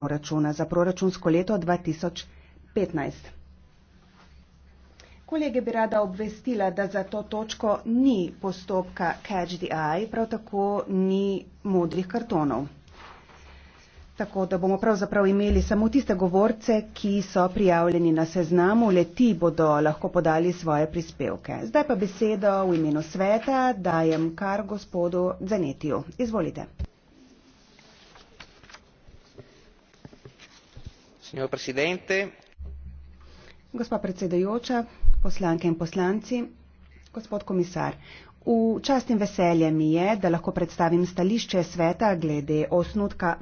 proračuna za proračunsko leto 2015. Kolege bi rada obvestila, da za to točko ni postopka catch the eye, prav tako ni modrih kartonov. Tako da bomo pravzaprav imeli samo tiste govorce, ki so prijavljeni na seznamu, le ti bodo lahko podali svoje prispevke. Zdaj pa besedo v imenu sveta dajem kar gospodu Zanetiju. Izvolite. gospa predsedujoča poslanke in poslanci gospod komisar v čast in veselje mi je da lahko predstavim stališče sveta glede osnutka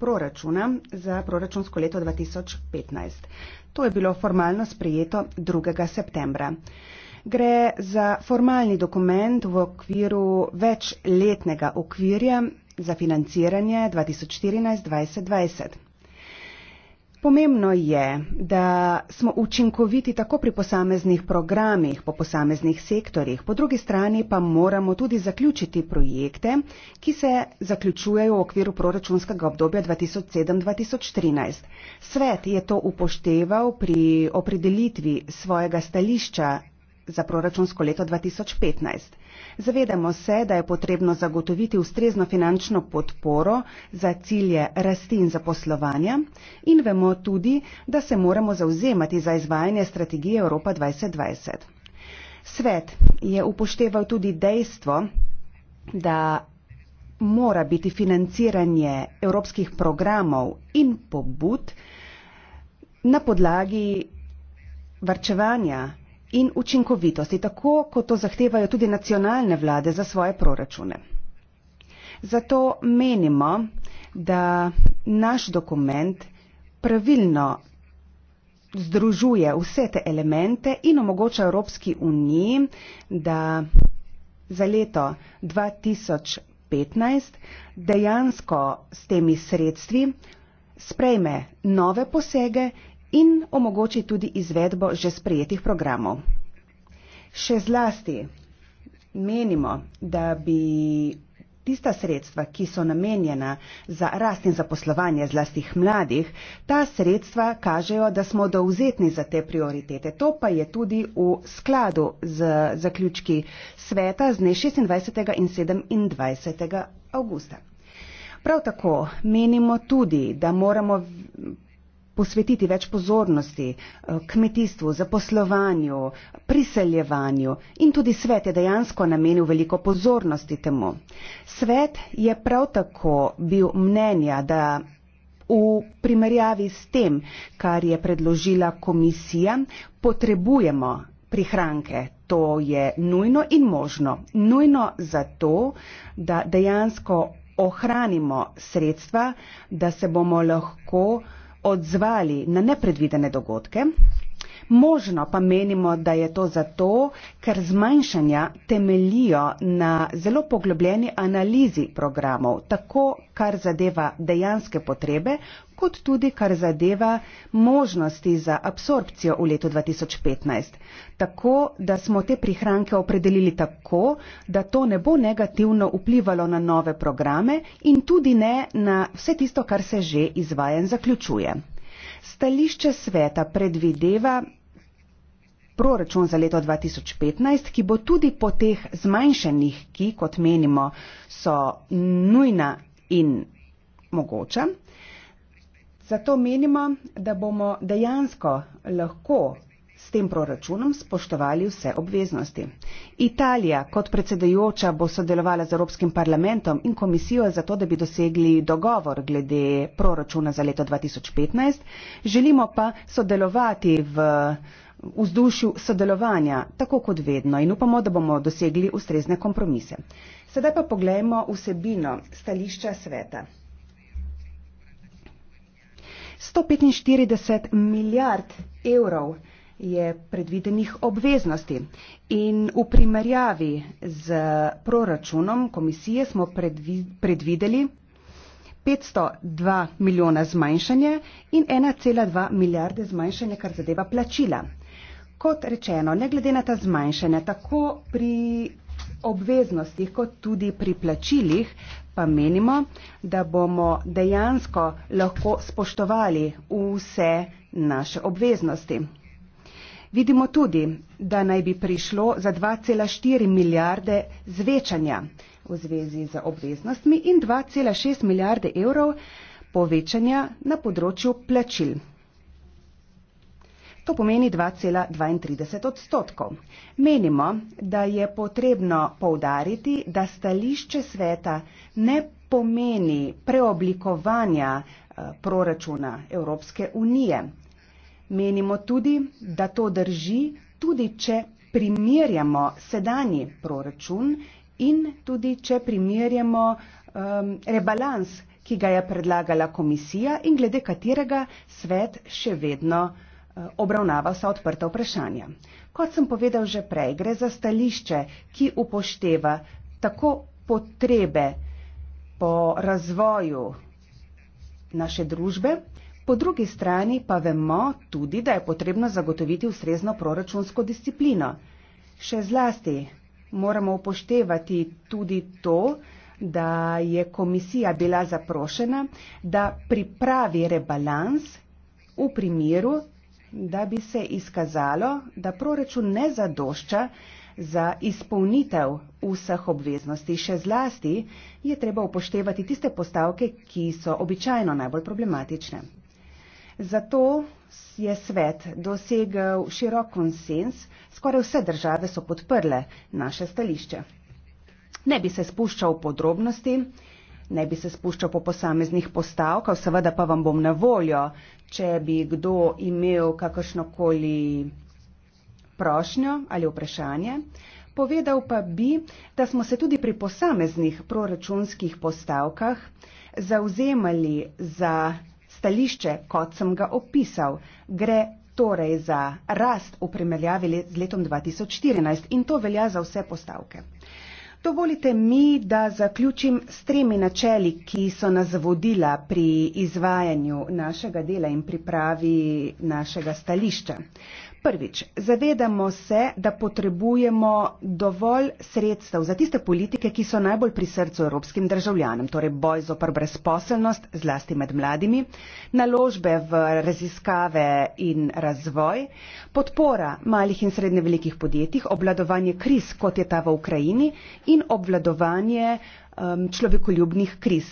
proračuna za proračunsko leto 2015. To je bilo formalno sprejeto 2. septembra. Gre za formalni dokument v okviru večletnega okvirja za financiranje 2014-2020. Pomembno je, da smo učinkoviti tako pri posameznih programih, po posameznih sektorjih, po drugi strani pa moramo tudi zaključiti projekte, ki se zaključujejo v okviru proračunskega obdobja 2007-2013. Svet je to upošteval pri opredelitvi svojega stališča za proračunsko leto 2015. Zavedamo se, da je potrebno zagotoviti ustrezno finančno podporo za cilje rasti in zaposlovanja in vemo tudi, da se moramo zauzemati za izvajanje strategije Evropa 2020. Svet je upošteval tudi dejstvo, da mora biti financiranje evropskih programov in pobud na podlagi varčevanja in učinkovitosti, tako kot to zahtevajo tudi nacionalne vlade za svoje proračune. Zato menimo, da naš dokument pravilno združuje vse te elemente in omogoča Evropski uniji, da za leto 2015 dejansko s temi sredstvi sprejme nove posege in omogoči tudi izvedbo že sprejetih programov. Še zlasti menimo, da bi tista sredstva, ki so namenjena za rast in zaposlovanje zlastih mladih, ta sredstva kažejo, da smo dovzetni za te prioritete. To pa je tudi v skladu z zaključki sveta z dne 26. in 27. avgusta. Prav tako menimo tudi, da moramo posvetiti več pozornosti eh, kmetijstvu, zaposlovanju, priseljevanju in tudi svet je dejansko namenil veliko pozornosti temu. Svet je prav tako bil mnenja, da v primerjavi s tem, kar je predložila komisija, potrebujemo prihranke. To je nujno in možno. Nujno zato, da dejansko ohranimo sredstva, da se bomo lahko uh, odzvali na nepredvidene dogodke, Možno pa menimo, da je to zato, ker zmanjšanja temelijo na zelo poglobljeni analizi programov, tako kar zadeva dejanske potrebe, kot tudi kar zadeva možnosti za absorpcijo v letu 2015. Tako, da smo te prihranke opredelili tako, da to ne bo negativno vplivalo na nove programe in tudi ne na vse tisto, kar se že izvajen zaključuje. Stališče sveta predvideva proračun za leto 2015, ki bo tudi po teh zmanjšanjih, ki, kot menimo, so nujna in mogoča. Zato menimo, da bomo dejansko lahko s tem proračunom spoštovali vse obveznosti. Italija kot predsedujoča bo sodelovala z Evropskim parlamentom in komisijo za to, da bi dosegli dogovor glede proračuna za leto 2015. Želimo pa sodelovati v vzdušju sodelovanja, tako kot vedno, in upamo, da bomo dosegli ustrezne kompromise. Sedaj pa pogledajmo vsebino stališča sveta. 145 milijard evrov je predvidenih obveznosti in v primerjavi z proračunom komisije smo predvideli 502 milijona zmanjšanje in 1,2 milijarde zmanjšanje, kar zadeva plačila kot rečeno, ne glede na ta zmanjšanja, tako pri obveznostih, kot tudi pri plačilih, pa menimo, da bomo dejansko lahko spoštovali vse naše obveznosti. Vidimo tudi, da naj bi prišlo za 2,4 milijarde zvečanja v zvezi z obveznostmi in 2,6 milijarde evrov povečanja na področju plačil. To pomeni 2,32 odstotkov. Menimo, da je potrebno povdariti, da stališče sveta ne pomeni preoblikovanja eh, proračuna Evropske unije. Menimo tudi, da to drži, tudi če primerjamo sedanji proračun in tudi če primerjamo um, rebalans, ki ga je predlagala komisija in glede katerega svet še vedno. Eh, obravnava vsa odprta vprašanja. Kot sem povedal že prej, gre za stališče, ki upošteva tako potrebe po razvoju naše družbe, po drugi strani pa vemo tudi, da je potrebno zagotoviti ustrezno proračunsko disciplino. Še zlasti moramo upoštevati tudi to, da je komisija bila zaprošena, da pripravi rebalans v primeru, da bi se izkazalo, da proračun ne zadošča za izpolnitev vseh obveznosti. Še zlasti je treba upoštevati tiste postavke, ki so običajno najbolj problematične. Zato je svet dosegel širok konsens, skoraj vse države so podprle naše stališče. Ne bi se spuščal v podrobnosti, Ne bi se spuščal po posameznih postavkah, seveda pa vam bom na voljo, če bi kdo imel kakršnokoli prošnjo ali vprašanje. Povedal pa bi, da smo se tudi pri posameznih proračunskih postavkah zauzemali za stališče, kot sem ga opisal. Gre torej za rast v primerjavi let, z letom 2014 in to velja za vse postavke. Dovolite mi, da zaključim s tremi načeli, ki so nas vodila pri izvajanju našega dela in pripravi našega stališča. Prvič, zavedamo se, da potrebujemo dovolj sredstev za tiste politike, ki so najbolj pri srcu evropskim državljanom, torej boj zopr brezposelnost, zlasti med mladimi, naložbe v raziskave in razvoj, podpora malih in srednje velikih podjetjih, obvladovanje kriz, kot je ta v Ukrajini, in obvladovanje um, človekoljubnih kriz.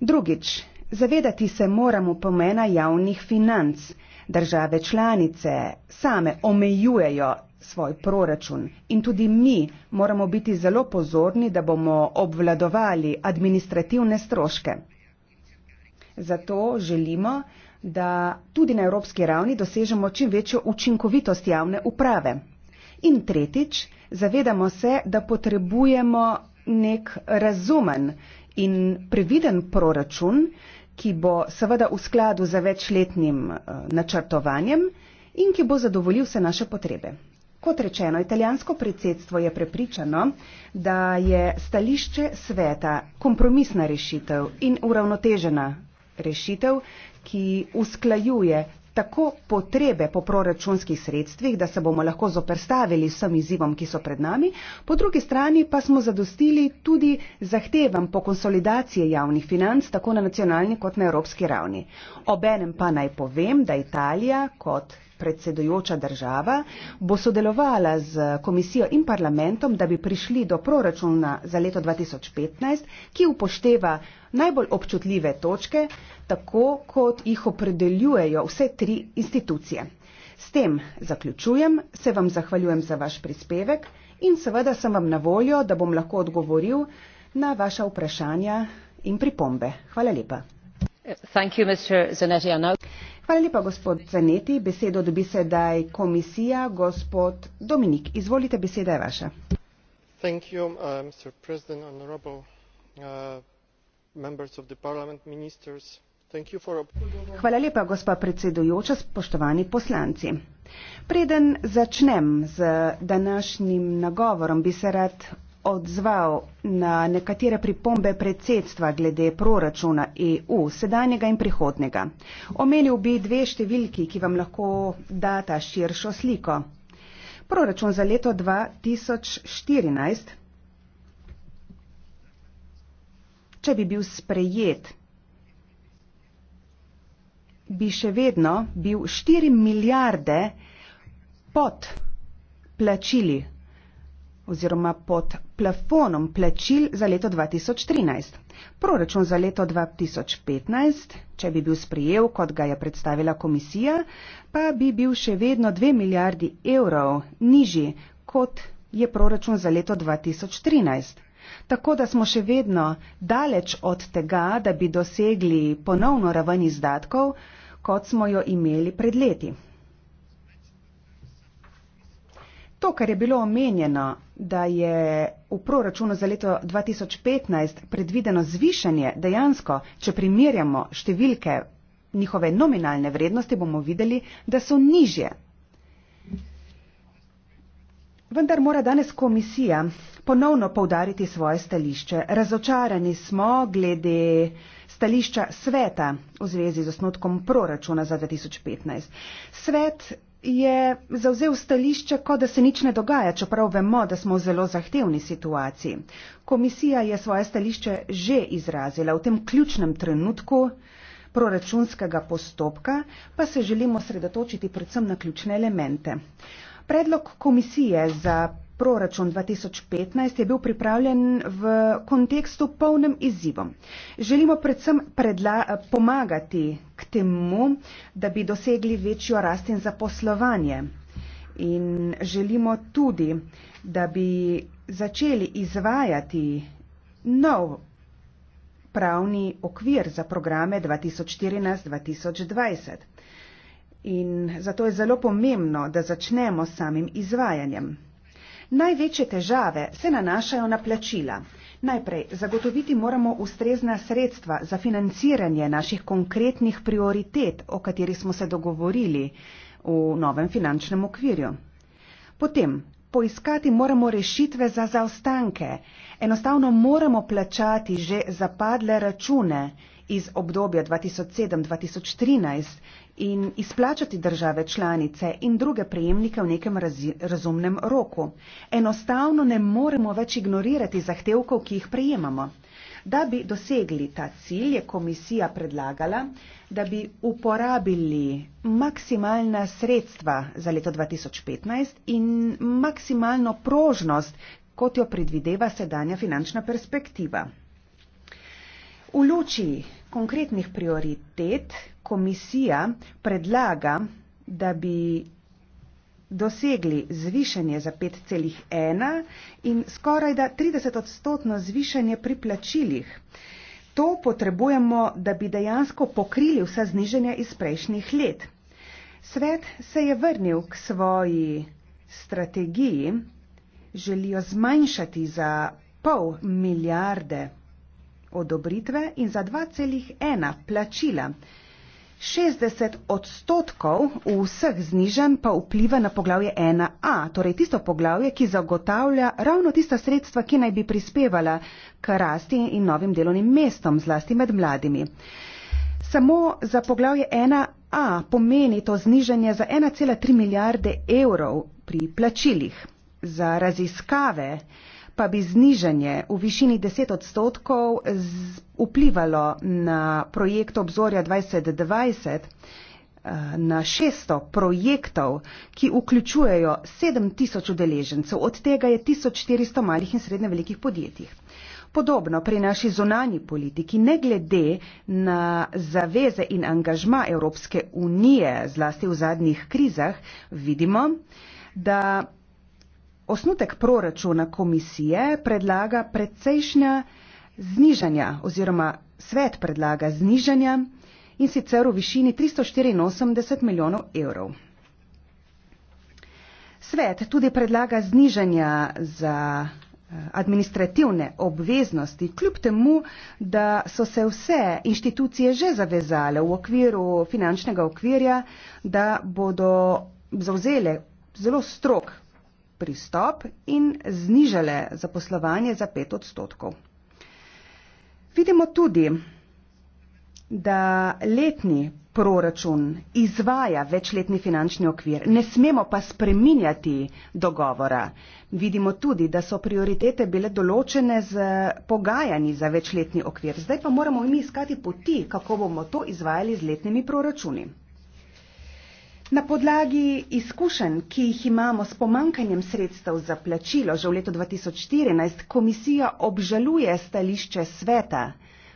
Drugič, zavedati se moramo pomena javnih financ države članice same omejujejo svoj proračun in tudi mi moramo biti zelo pozorni, da bomo obvladovali administrativne stroške. Zato želimo, da tudi na evropski ravni dosežemo čim večjo učinkovitost javne uprave. In tretjič, zavedamo se, da potrebujemo nek razumen in previden proračun, ki bo seveda v skladu za večletnim eh, načrtovanjem in ki bo zadovoljil vse naše potrebe. Kot rečeno, italijansko predsedstvo je prepričano, da je stališče sveta kompromisna rešitev in uravnotežena rešitev, ki usklajuje tako potrebe po proračunskih sredstvih, da se bomo lahko zoperstavili vsem izzivom, ki so pred nami, po drugi strani pa smo zadostili tudi zahtevam po konsolidaciji javnih financ, tako na nacionalni kot na evropski ravni. Obenem pa naj povem, da Italija kot predsedujoča država, bo sodelovala z komisijo in parlamentom, da bi prišli do proračuna za leto 2015, ki upošteva najbolj občutljive točke, tako kot jih opredeljujejo vse tri institucije. S tem zaključujem, se vam zahvaljujem za vaš prispevek in seveda sem vam na voljo, da bom lahko odgovoril na vaša vprašanja in pripombe. Hvala lepa. Hvala lepa, gospod Zaneti. Besedo dobi sedaj komisija, gospod Dominik. Izvolite, beseda je vaša. Uh, uh, Hvala lepa, gospa predsedujoča, spoštovani poslanci. Preden začnem z današnjim nagovorom, bi se rad odzval na nekatere pripombe predsedstva glede proračuna EU, sedanjega in prihodnega. Omenil bi dve številki, ki vam lahko data širšo sliko. Proračun za leto 2014, če bi bil sprejet, bi še vedno bil 4 milijarde pod plačili oziroma pod plafonom plačil za leto 2013. Proračun za leto 2015, če bi bil sprijel, kot ga je predstavila komisija, pa bi bil še vedno 2 milijardi evrov nižji, kot je proračun za leto 2013. Tako da smo še vedno daleč od tega, da bi dosegli ponovno raven izdatkov, kot smo jo imeli pred leti. To, kar je bilo omenjeno, da je v proračunu za leto 2015 predvideno zvišanje, dejansko, če primerjamo številke njihove nominalne vrednosti, bomo videli, da so nižje. Vendar mora danes komisija ponovno povdariti svoje stališče. Razočarani smo glede stališča sveta v zvezi z osnotkom proračuna za 2015. Svet je zauzel stališče, kot da se nič ne dogaja, čeprav vemo, da smo v zelo zahtevni situaciji. Komisija je svoje stališče že izrazila v tem ključnem trenutku proračunskega postopka, pa se želimo osredotočiti predvsem na ključne elemente. Predlog komisije za proračun 2015 je bil pripravljen v kontekstu polnem izzivom. Želimo predvsem predla, pomagati k temu, da bi dosegli večjo rast in zaposlovanje. In želimo tudi, da bi začeli izvajati nov pravni okvir za programe 2014-2020. In zato je zelo pomembno, da začnemo s samim izvajanjem. Največje težave se nanašajo na plačila. Najprej zagotoviti moramo ustrezna sredstva za financiranje naših konkretnih prioritet, o katerih smo se dogovorili v novem finančnem okvirju. Potem poiskati moramo rešitve za zaostanke. Enostavno moramo plačati že zapadle račune iz obdobja 2007-2013 in izplačati države članice in druge prejemnike v nekem razumnem roku. Enostavno ne moremo več ignorirati zahtevkov, ki jih prejemamo. Da bi dosegli ta cilj, je komisija predlagala, da bi uporabili maksimalna sredstva za leto 2015 in maksimalno prožnost, kot jo predvideva sedanja finančna perspektiva. V luči konkretnih prioritet komisija predlaga, da bi dosegli zvišanje za 5,1 in skoraj da 30 odstotno zvišanje pri plačilih. To potrebujemo, da bi dejansko pokrili vsa zniženja iz prejšnjih let. Svet se je vrnil k svoji strategiji, želijo zmanjšati za pol milijarde odobritve in za 2,1 plačila. 60 odstotkov vseh znižen pa vpliva na poglavje 1a, torej tisto poglavje, ki zagotavlja ravno tista sredstva, ki naj bi prispevala k rasti in novim delovnim mestom, zlasti med mladimi. Samo za poglavje 1a pomeni to znižanje za 1,3 milijarde evrov pri plačilih. Za raziskave pa bi znižanje v višini 10 odstotkov vplivalo na projekt obzorja 2020 eh, na 600 projektov, ki vključujejo 7000 udeležencev, od tega je 1400 malih in srednje velikih podjetij. Podobno pri naši zonani politiki, ne glede na zaveze in angažma Evropske unije, zlasti v zadnjih krizah, vidimo, da Osnutek proračuna komisije predlaga precejšnja znižanja oziroma svet predlaga znižanja in sicer v višini 384 milijonov evrov. Svet tudi predlaga znižanja za eh, administrativne obveznosti, kljub temu, da so se vse inštitucije že zavezale v okviru finančnega okvirja, da bodo zauzele zelo strok pristop in znižale zaposlovanje za pet odstotkov. Vidimo tudi, da letni proračun izvaja večletni finančni okvir. Ne smemo pa spreminjati dogovora. Vidimo tudi, da so prioritete bile določene z pogajanji za večletni okvir. Zdaj pa moramo mi iskati poti, kako bomo to izvajali z letnimi proračuni. Na podlagi izkušenj, ki jih imamo s pomankanjem sredstev za plačilo že v letu 2014, komisija obžaluje stališče sveta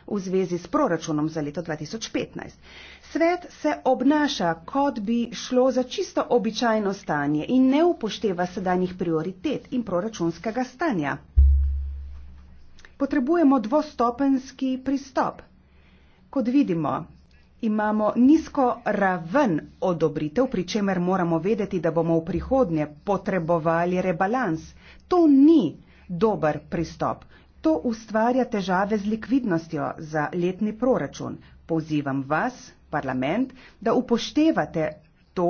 v zvezi s proračunom za leto 2015. Svet se obnaša, kot bi šlo za čisto običajno stanje in ne upošteva sedanjih prioritet in proračunskega stanja. Potrebujemo dvostopenski pristop. Kot vidimo, imamo nizko raven odobritev, pri čemer moramo vedeti, da bomo v prihodnje potrebovali rebalans. To ni dober pristop. To ustvarja težave z likvidnostjo za letni proračun. Pozivam vas, parlament, da upoštevate to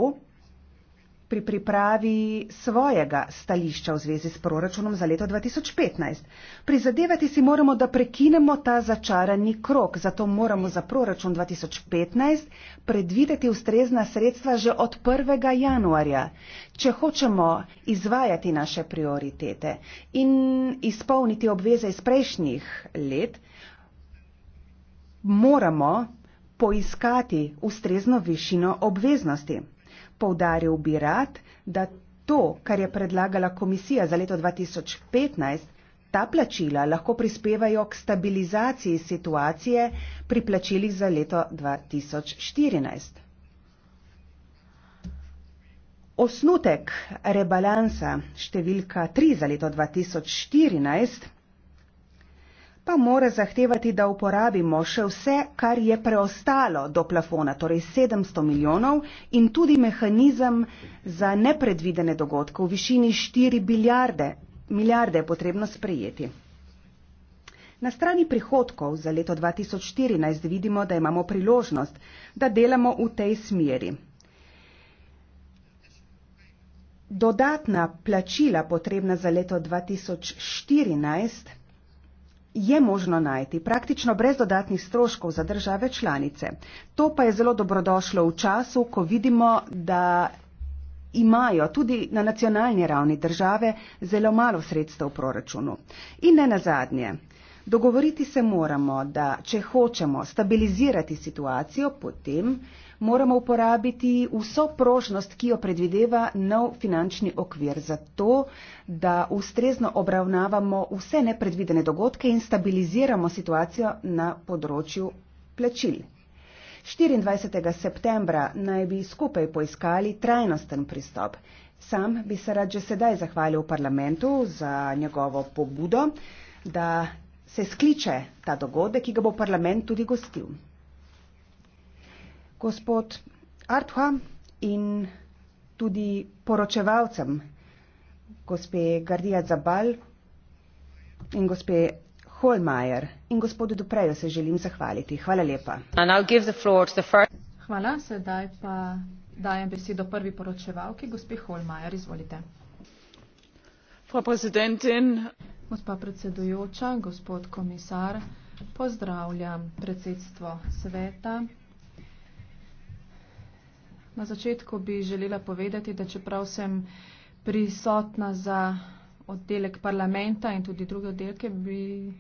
pri pripravi svojega stališča v zvezi s proračunom za leto 2015. Prizadevati si moramo, da prekinemo ta začarani krok, zato moramo za proračun 2015 predvideti ustrezna sredstva že od 1. januarja, če hočemo izvajati naše prioritete in izpolniti obveze iz prejšnjih let. Moramo poiskati ustrezno višino obveznosti. Poudaril bi rad, da to, kar je predlagala komisija za leto 2015, ta plačila lahko prispevajo k stabilizaciji situacije pri plačilih za leto 2014. Osnutek rebalansa številka 3 za leto 2014 pa mora zahtevati, da uporabimo še vse, kar je preostalo do plafona, torej 700 milijonov in tudi mehanizem za nepredvidene dogodke v višini 4 biljarde, milijarde je potrebno sprejeti. Na strani prihodkov za leto 2014 vidimo, da imamo priložnost, da delamo v tej smeri. Dodatna plačila potrebna za leto 2014 je možno najti praktično brez dodatnih stroškov za države članice. To pa je zelo dobrodošlo v času, ko vidimo, da imajo tudi na nacionalni ravni države zelo malo sredstev v proračunu. In ne nazadnje. Dogovoriti se moramo, da če hočemo stabilizirati situacijo, potem moramo uporabiti vso prožnost, ki jo predvideva nov finančni okvir, zato da ustrezno obravnavamo vse nepredvidene dogodke in stabiliziramo situacijo na področju plačil. 24. septembra naj bi skupaj poiskali trajnosten pristop. Sam bi se rad že sedaj zahvalil parlamentu za njegovo pobudo, da se skliče ta dogodek, ki ga bo parlament tudi gostil gospod Artua in tudi poročevalcem, gospe Gardija Zabal in gospe Holmajer in gospodu Duprejo se želim zahvaliti. Hvala lepa. Hvala, sedaj pa dajem besedo prvi poročevalki, gospe Holmajer, izvolite. Gospa predsedujoča, gospod komisar, pozdravljam predsedstvo sveta, Na začetku bi želela povedati, da čeprav sem prisotna za oddelek parlamenta in tudi druge oddelke, bi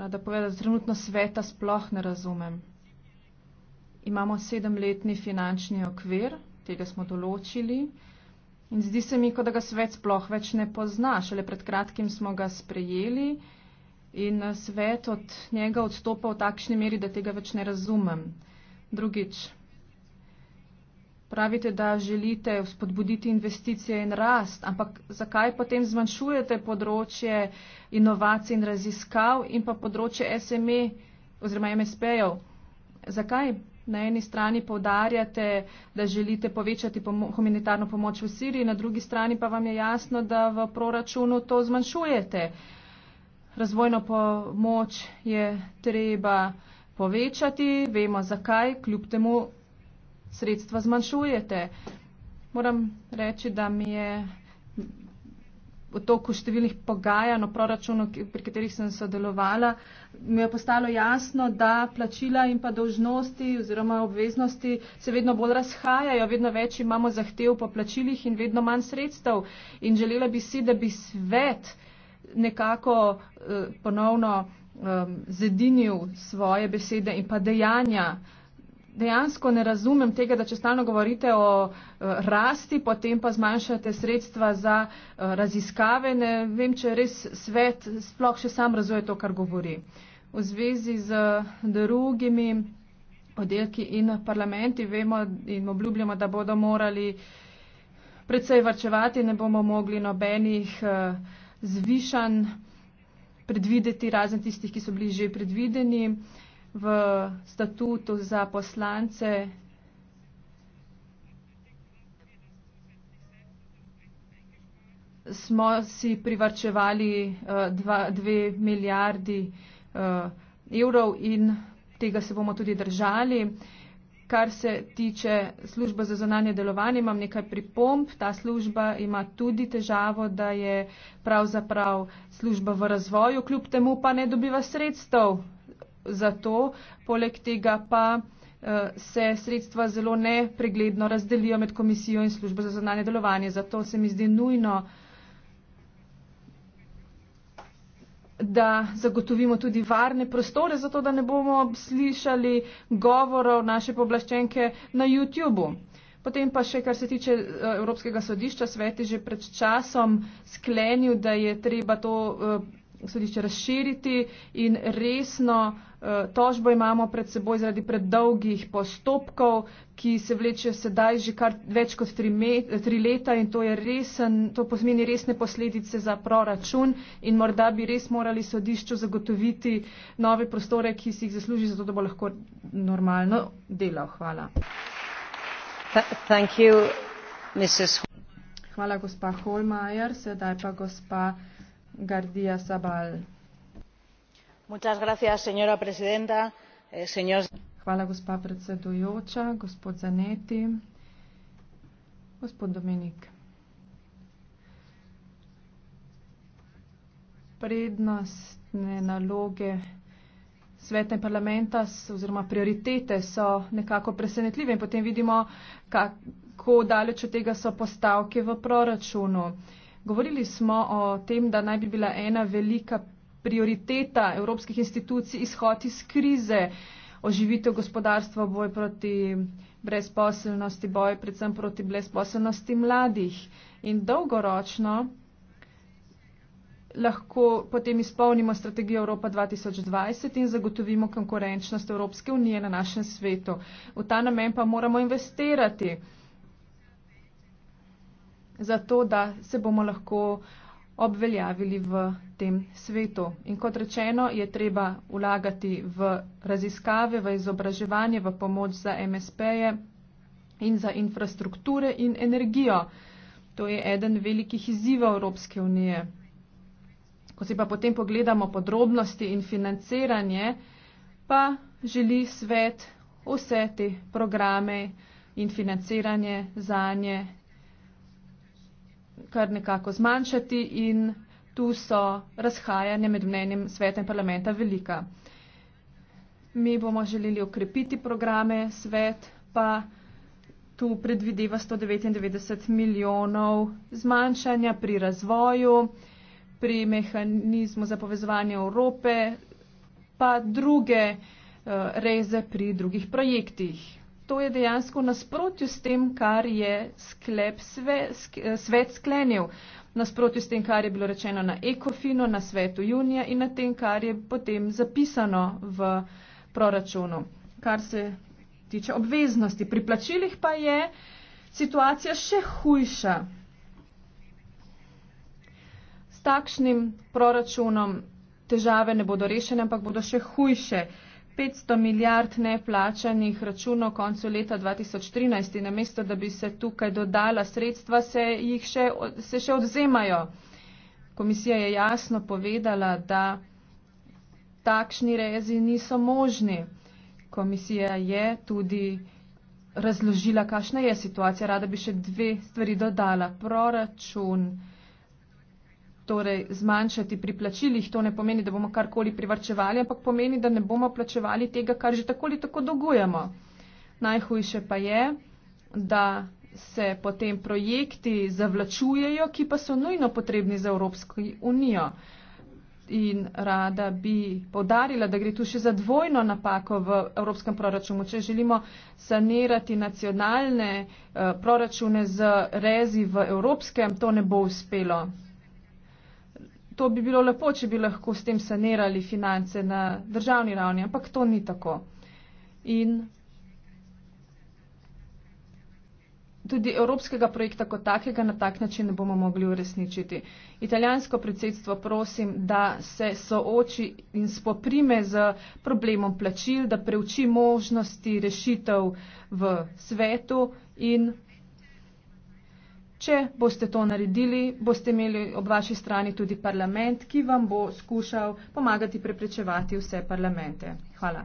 rada povedala, da trenutno sveta sploh ne razumem. Imamo sedemletni finančni okvir, tega smo določili in zdi se mi, kot da ga svet sploh več ne pozna. Šele pred kratkim smo ga sprejeli in svet od njega odstopa v takšni meri, da tega več ne razumem. Drugič, Pravite, da želite spodbuditi investicije in rast, ampak zakaj potem zmanjšujete področje inovacij in raziskav in pa področje SME oziroma MSP-jev? Zakaj na eni strani povdarjate, da želite povečati pomo humanitarno pomoč v Siriji, na drugi strani pa vam je jasno, da v proračunu to zmanjšujete? Razvojno pomoč je treba povečati, vemo zakaj, kljub temu sredstva zmanjšujete. Moram reči, da mi je v toku številnih pogajanj o proračunu, pri katerih sem sodelovala, mi je postalo jasno, da plačila in pa dožnosti oziroma obveznosti se vedno bolj razhajajo, vedno več imamo zahtev po plačilih in vedno manj sredstev. In želela bi si, da bi svet nekako eh, ponovno eh, zedinil svoje besede in pa dejanja. Eh, dejansko ne razumem tega, da če stalno govorite o eh, rasti, potem pa zmanjšate sredstva za eh, raziskave. Ne vem, če res svet sploh še sam razume to, kar govori. V zvezi z eh, drugimi oddelki in parlamenti vemo in obljubljamo, da bodo morali predvsej varčevati, ne bomo mogli nobenih zvišanj predvideti, razen tistih, ki so bili že predvideni v statutu za poslance smo si privrčevali uh, eh, dva, dve milijardi uh, evrov in tega se bomo tudi držali. Kar se tiče službe za zonanje delovanje, imam nekaj pripomb. Ta služba ima tudi težavo, da je pravzaprav služba v razvoju, kljub temu pa ne dobiva sredstev za to. Poleg tega pa eh, se sredstva zelo nepregledno razdelijo med komisijo in službo za zanane delovanje. Zato se mi zdi nujno, da zagotovimo tudi varne prostore, zato da ne bomo slišali govorov naše poblaščenke na YouTubu. Potem pa še, kar se tiče eh, Evropskega sodišča, svet je že pred časom sklenil, da je treba to eh, sodišče razširiti in resno eh, tožbo imamo pred seboj zaradi predolgih postopkov, ki se vlečejo sedaj že kar več kot tri, met, tri leta in to, resen, to pomeni resne posledice za proračun in morda bi res morali sodišču zagotoviti nove prostore, ki si jih zasluži, zato da bo lahko normalno delal. Hvala. Hvala, gospa Holmajer. Sedaj pa gospa. Eh, gospa predsedujoča gospod zanetti gospod dominik prednostne naloge sveta in parlamenta oziroma prioritete so nekako presenetljive in potem vidimo kako daleč od tega so postavke v proračunu. Govorili smo o tem, da naj bi bila ena velika prioriteta evropskih institucij izhod iz krize, oživitev gospodarstva, boj proti brezposelnosti, boj predvsem proti brezposelnosti mladih. In dolgoročno lahko potem izpolnimo strategijo Evropa 2020 in zagotovimo konkurenčnost Evropske unije na našem svetu. V ta namen pa moramo investirati zato da se bomo lahko obveljavili v tem svetu. In kot rečeno, je treba vlagati v raziskave, v izobraževanje, v pomoč za MSP-je in za infrastrukture in energijo. To je eden velikih izzivov Evropske unije. Ko si pa potem pogledamo podrobnosti in financiranje, pa želi svet vse te programe in financiranje za nje kar nekako zmanjšati in tu so razhajanja med mnenjem sveta in parlamenta velika. Mi bomo želeli okrepiti programe, svet pa tu predvideva 199 milijonov zmanjšanja pri razvoju, pri mehanizmu za povezovanje Evrope, pa druge uh, reze pri drugih projektih to je dejansko nasprotju s tem, kar je sklep sve, sk, eh, svet sklenil, nasprotju s tem, kar je bilo rečeno na Ekofino, na svetu junija in na tem, kar je potem zapisano v proračunu, kar se tiče obveznosti. Pri plačilih pa je situacija še hujša. S takšnim proračunom težave ne bodo rešene, ampak bodo še hujše. 500 milijard neplačanih računov koncu leta 2013 in namesto, da bi se tukaj dodala sredstva, se jih še, se še odzemajo. Komisija je jasno povedala, da takšni rezi niso možni. Komisija je tudi razložila, kakšna je situacija. Rada bi še dve stvari dodala. Proračun torej, zmanjšati pri plačilih. To ne pomeni, da bomo karkoli privrčevali, ampak pomeni, da ne bomo plačevali tega, kar že tako ali tako dolgujemo. Najhujše pa je, da se potem projekti zavlačujejo, ki pa so nujno potrebni za Evropsko unijo. In rada bi povdarila, da gre tu še za dvojno napako v evropskem proračunu. Če želimo sanirati nacionalne uh, proračune z rezi v evropskem, to ne bo uspelo to bi bilo lepo, če bi lahko s tem sanirali finance na državni ravni, ampak to ni tako. In tudi evropskega projekta kot takega na tak način ne bomo mogli uresničiti. Italijansko predsedstvo prosim, da se sooči in spoprime z problemom plačil, da preuči možnosti rešitev v svetu in. Če boste to naredili, boste imeli ob vaši strani tudi parlament, ki vam bo skušal pomagati preprečevati vse parlamente. Hvala.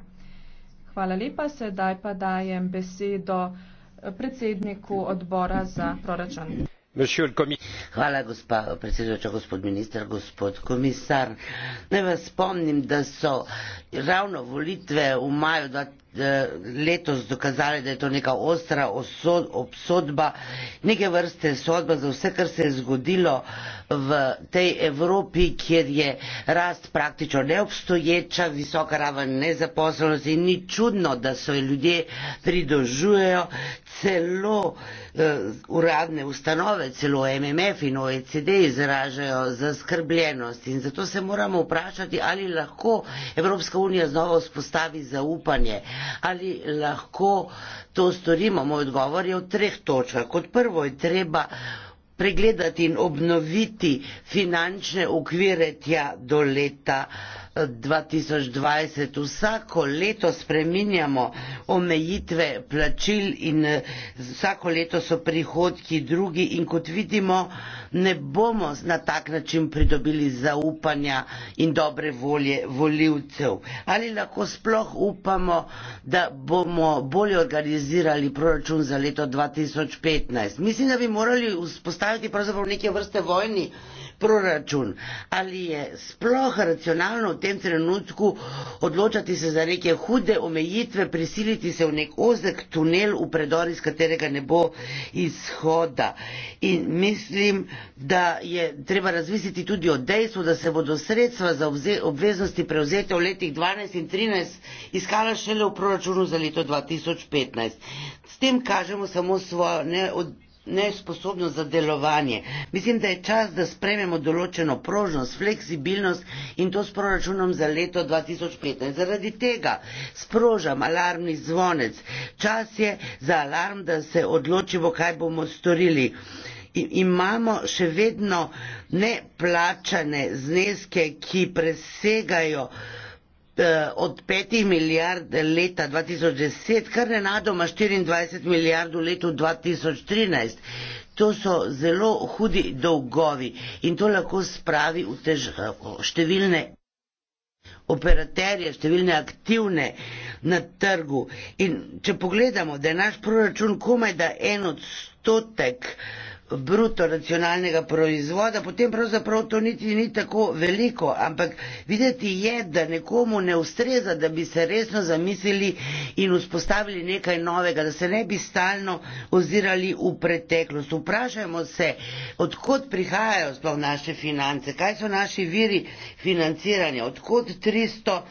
Hvala lepa, sedaj pa dajem besedo eh, predsedniku odbora za proračun. Hvala, gospa predsedujoča, gospod minister, gospod komisar. Naj vas spomnim, da so ravno volitve v maju 2020. Eh, letos dokazali, da je to neka ostra osod, obsodba, neke vrste sodba za vse, kar se je zgodilo v tej Evropi, kjer je rast praktično neobstoječa, visoka raven nezaposlenosti in ni čudno, da so jo ljudje pridožujejo celo eh, uradne ustanove, celo MMF in OECD izražajo zaskrbljenost in zato se moramo vprašati, ali lahko Evropska unija znova vzpostavi zaupanje. Eh, ali lahko to storimo. Moj odgovor je v treh točkah. Kot prvo je treba pregledati in obnoviti finančne ukvire tja do leta 2020. 2020. Vsako leto spreminjamo omejitve plačil in eh, vsako leto so prihodki drugi in kot vidimo, ne bomo na tak način pridobili zaupanja in dobre volje voljivcev. Ali lahko sploh upamo, da bomo bolje organizirali proračun za leto 2015? Mislim, da bi morali vzpostaviti pravzaprav neke vrste vojni proračun, ali je sploh racionalno v tem trenutku odločati se za neke hude omejitve, prisiliti se v nek ozek tunel v predor, iz katerega ne bo izhoda. In mislim, da je treba razvisiti tudi o dejstvu, da se bodo sredstva za obveznosti prevzete v letih 12 in 13 iskala šele v proračunu za leto 2015. S tem kažemo samo svojo neodločenost nesposobnost za delovanje. Mislim, da je čas, da sprememo določeno prožnost, fleksibilnost in to s proračunom za leto 2015. Zaradi tega sprožam alarmni zvonec. Čas je za alarm, da se odločimo, kaj bomo storili. I, imamo še vedno neplačane zneske, ki presegajo Eh, od 5 milijard leta 2010, kar nenadoma 24 milijard v letu 2013. To so zelo hudi dolgovi in to lahko spravi v težavo eh, številne operaterje, številne aktivne na trgu. In če pogledamo, da je naš proračun komaj da en odstotek uh, bruto nacionalnega proizvoda, potem pravzaprav to niti ni tako veliko, ampak videti je, da nekomu ne ustreza, da bi se resno zamislili in vzpostavili nekaj novega, da se ne bi stalno ozirali v preteklost. Vprašajmo se, odkot prihajajo sploh naše finance, kaj so naši viri financiranja, odkot 300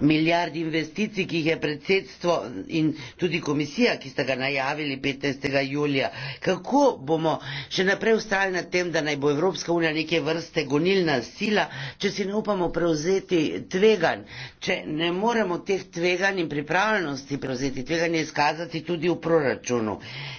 milijard investicij, ki jih je predsedstvo in tudi komisija, ki ste ga najavili 15. julija. Kako bomo še naprej ustali na tem, da naj bo Evropska unija neke vrste gonilna sila, če si ne upamo prevzeti tvegan, če ne moremo teh tvegan in pripravljenosti prevzeti tvegan in izkazati tudi v proračunu.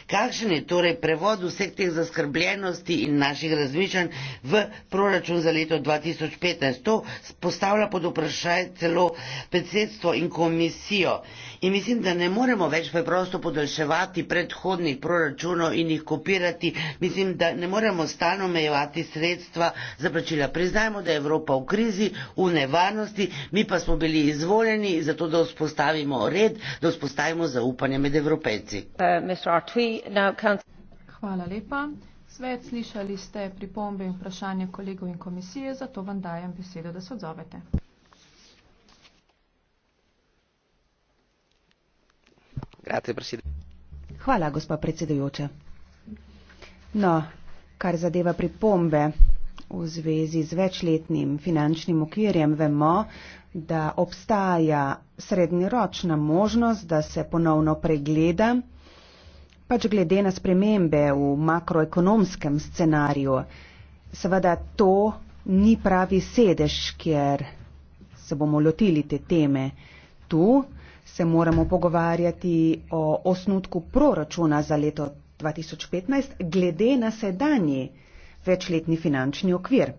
Kakšen je torej prevod vseh teh zaskrbljenosti in naših razmišljanj v proračun za leto 2015? To postavlja pod vprašaj celo predsedstvo in komisijo. In mislim, da ne moremo več preprosto podaljševati predhodnih proračunov in jih kopirati. Mislim, da ne moremo stalno omejevati sredstva za plačila. Priznajmo, da je Evropa v krizi, v nevarnosti, mi pa smo bili izvoljeni za to, da vzpostavimo red, da vzpostavimo zaupanje med evropejci. Uh, Hvala lepa. Svet, slišali ste pripombe in vprašanje kolegov in komisije, zato vam dajem besedo, da se odzovete. Hvala, gospa predsedujoča. No, kar zadeva pripombe v zvezi z večletnim finančnim okvirjem, vemo, da obstaja srednjeročna možnost, da se ponovno pregleda, pač glede na spremembe v makroekonomskem scenariju. Seveda to ni pravi sedež, kjer se bomo lotili te teme. Tu se moramo pogovarjati o osnutku proračuna za leto 2015 glede na sedanji večletni finančni okvir.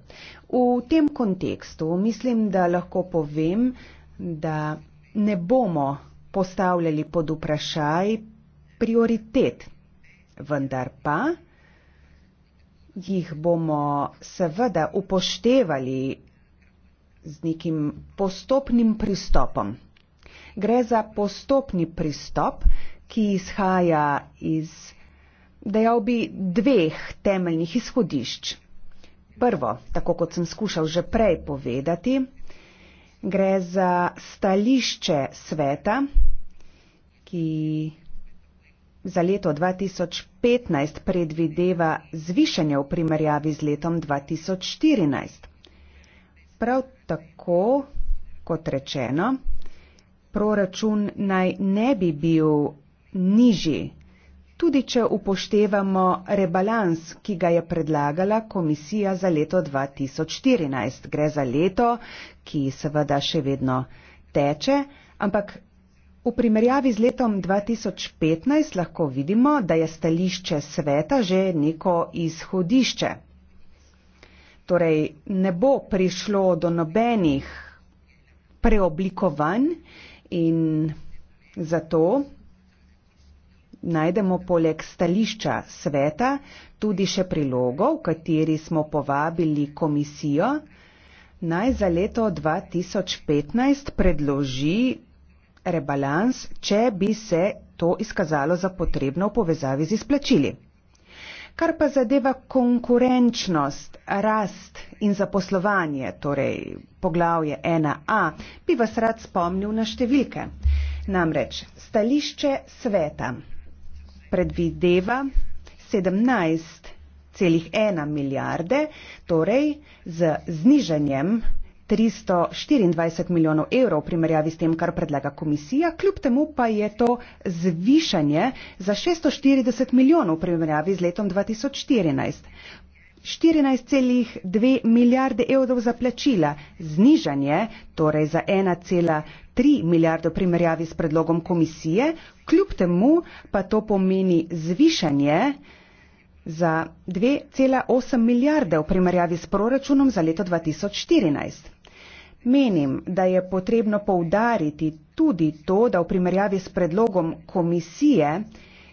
V tem kontekstu mislim, da lahko povem, da ne bomo postavljali pod vprašaj prioritet, vendar pa jih bomo seveda upoštevali z nekim postopnim pristopom gre za postopni pristop, ki izhaja iz, dejal bi, dveh temeljnih izhodišč. Prvo, tako kot sem skušal že prej povedati, gre za stališče sveta, ki za leto 2015 predvideva zvišanje v primerjavi z letom 2014. Prav tako, kot rečeno, proračun naj ne bi bil nižji, tudi če upoštevamo rebalans, ki ga je predlagala komisija za leto 2014. Gre za leto, ki seveda še vedno teče, ampak. V primerjavi z letom 2015 lahko vidimo, da je stališče sveta že neko izhodišče. Torej, ne bo prišlo do nobenih preoblikovanj, In zato najdemo poleg stališča sveta tudi še prilogo, v kateri smo povabili komisijo naj za leto 2015 predloži rebalans, če bi se to izkazalo za potrebno v povezavi z izplačili. Kar pa zadeva konkurenčnost, rast in zaposlovanje, torej poglavje 1a, bi vas rad spomnil na številke. Namreč stališče sveta predvideva 17,1 milijarde, torej z znižanjem 324 milijonov evrov v primerjavi s tem, kar predlaga komisija, kljub temu pa je to zvišanje za 640 milijonov v primerjavi z letom 2014. 14,2 milijarde evrov za plačila, znižanje torej za 1,3 milijarde v primerjavi s predlogom komisije, kljub temu pa to pomeni zvišanje za 2,8 milijarde v primerjavi s proračunom za leto 2014. Menim, da je potrebno poudariti tudi to, da v primerjavi s predlogom komisije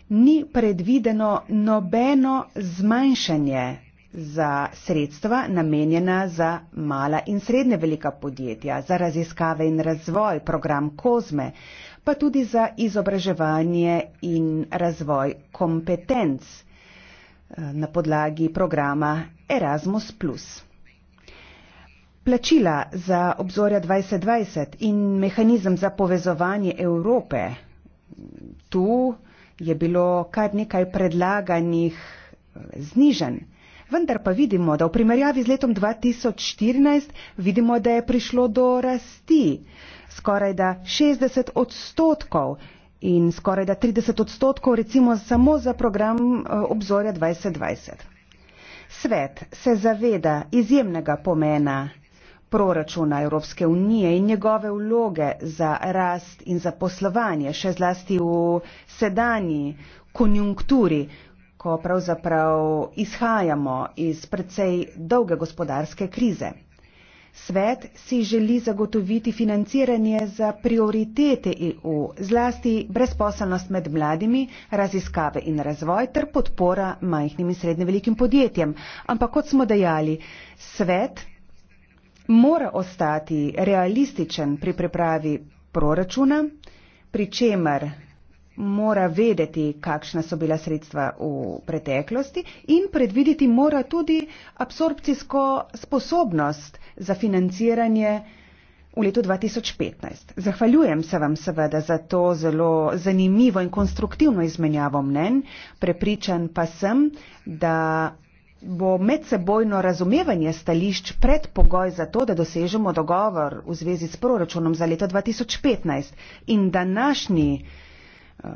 ni predvideno nobeno zmanjšanje za sredstva namenjena za mala in srednje velika podjetja, za raziskave in razvoj, program Kozme, pa tudi za izobraževanje in razvoj kompetenc eh, na podlagi programa Erasmus. Plačila za obzorja 2020 in mehanizem za povezovanje Evrope. Tu je bilo kar nekaj predlaganih eh, znižen. Vendar pa vidimo, da v primerjavi z letom 2014 vidimo, da je prišlo do rasti skoraj da 60 odstotkov in skoraj da 30 odstotkov recimo samo za program eh, obzorja 2020. Svet se zaveda izjemnega pomena proračuna Evropske unije in njegove vloge za rast in za poslovanje, še zlasti v sedanji konjunkturi, ko pravzaprav izhajamo iz precej dolge gospodarske krize. Svet si želi zagotoviti financiranje za prioritete EU, zlasti brezposelnost med mladimi, raziskave in razvoj ter podpora majhnim in srednje velikim podjetjem. Ampak kot smo dejali, svet mora ostati realističen pri pripravi proračuna, pri čemer mora vedeti, kakšna so bila sredstva v preteklosti in predvideti mora tudi absorpcijsko sposobnost za financiranje v letu 2015. Zahvaljujem se vam seveda za to zelo zanimivo in konstruktivno izmenjavo mnen, prepričan pa sem, da bo medsebojno razumevanje stališč predpogoj za to, da dosežemo dogovor v zvezi s proračunom za leto 2015 in današnji uh,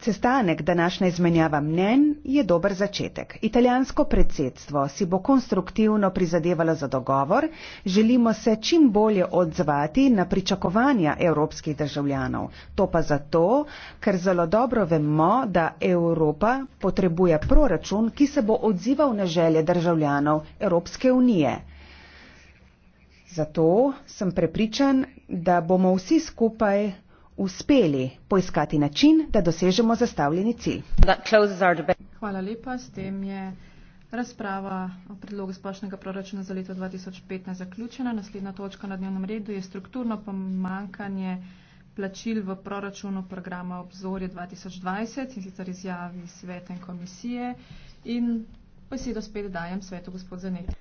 Sestanek današnja izmenjava mnen je dober začetek. Italijansko predsedstvo si bo konstruktivno prizadevalo za dogovor, želimo se čim bolje odzvati na pričakovanja evropskih državljanov. To pa zato, ker zelo dobro vemo, da Evropa potrebuje proračun, ki se bo odzival na želje državljanov Evropske unije. Zato sem prepričan, da bomo vsi skupaj uspeli poiskati način, da dosežemo zastavljeni cilj. Hvala lepa. S tem je razprava o predlogu splošnega proračuna za leto 2015 zaključena. Naslednja točka na dnevnem redu je strukturno pomankanje plačil v proračunu programa Obzorje 2020 in sicer izjavi svete in komisije. In besedo spet dajem svetu gospod Zanet.